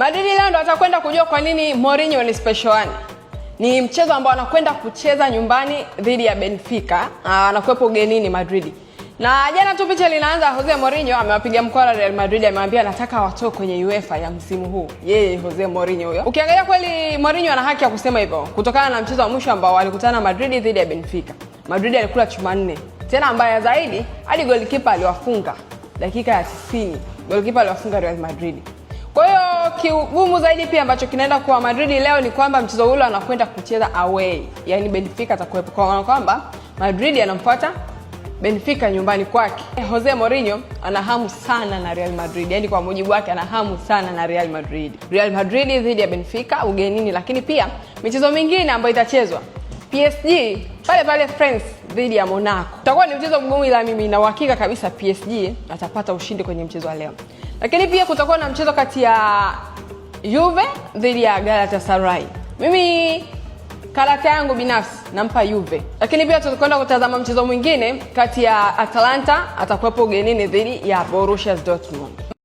Madrid leo ndo atakwenda kujua kwa nini Mourinho ni special one. Ni mchezo ambao anakwenda kucheza nyumbani dhidi ya Benfica, anakuwepo ugenini Madrid. Na jana tu picha linaanza, Jose Mourinho amewapiga mkwara Real Madrid, amewaambia anataka watoe kwenye UEFA ya msimu huu. Yeye Jose Mourinho huyo. Ukiangalia kweli Mourinho ana haki ya kusema hivyo kutokana na mchezo wa mwisho ambao walikutana Madrid dhidi ya Benfica. Madrid alikula chuma nne. Tena mbaya zaidi, hadi golikipa aliwafunga dakika ya 90. Golikipa aliwafunga Real Madrid kigumu zaidi pia ambacho kinaenda kwa Madrid leo ni kwamba mchezo ule anakwenda kucheza away, yaani Benfica atakuwepo, kwa maana kwamba Madrid anamfuata Benfica nyumbani kwake. Jose Mourinho anahamu sana na Real Madrid, yaani kwa mujibu wake anahamu sana na Real Madrid. Real Madrid dhidi ya Benfica ugenini, lakini pia michezo mingine ambayo itachezwa PSG pale pale France dhidi ya Monaco utakuwa ni mchezo mgumu, ila mimi na uhakika kabisa PSG atapata ushindi kwenye mchezo wa leo. Lakini pia kutakuwa na mchezo kati ya Juve dhidi ya Galatasaray. Mimi karata yangu binafsi nampa Juve, lakini pia tutakwenda kutazama mchezo mwingine kati ya Atalanta atakuwepo ugenini dhidi ya Borussia Dortmund.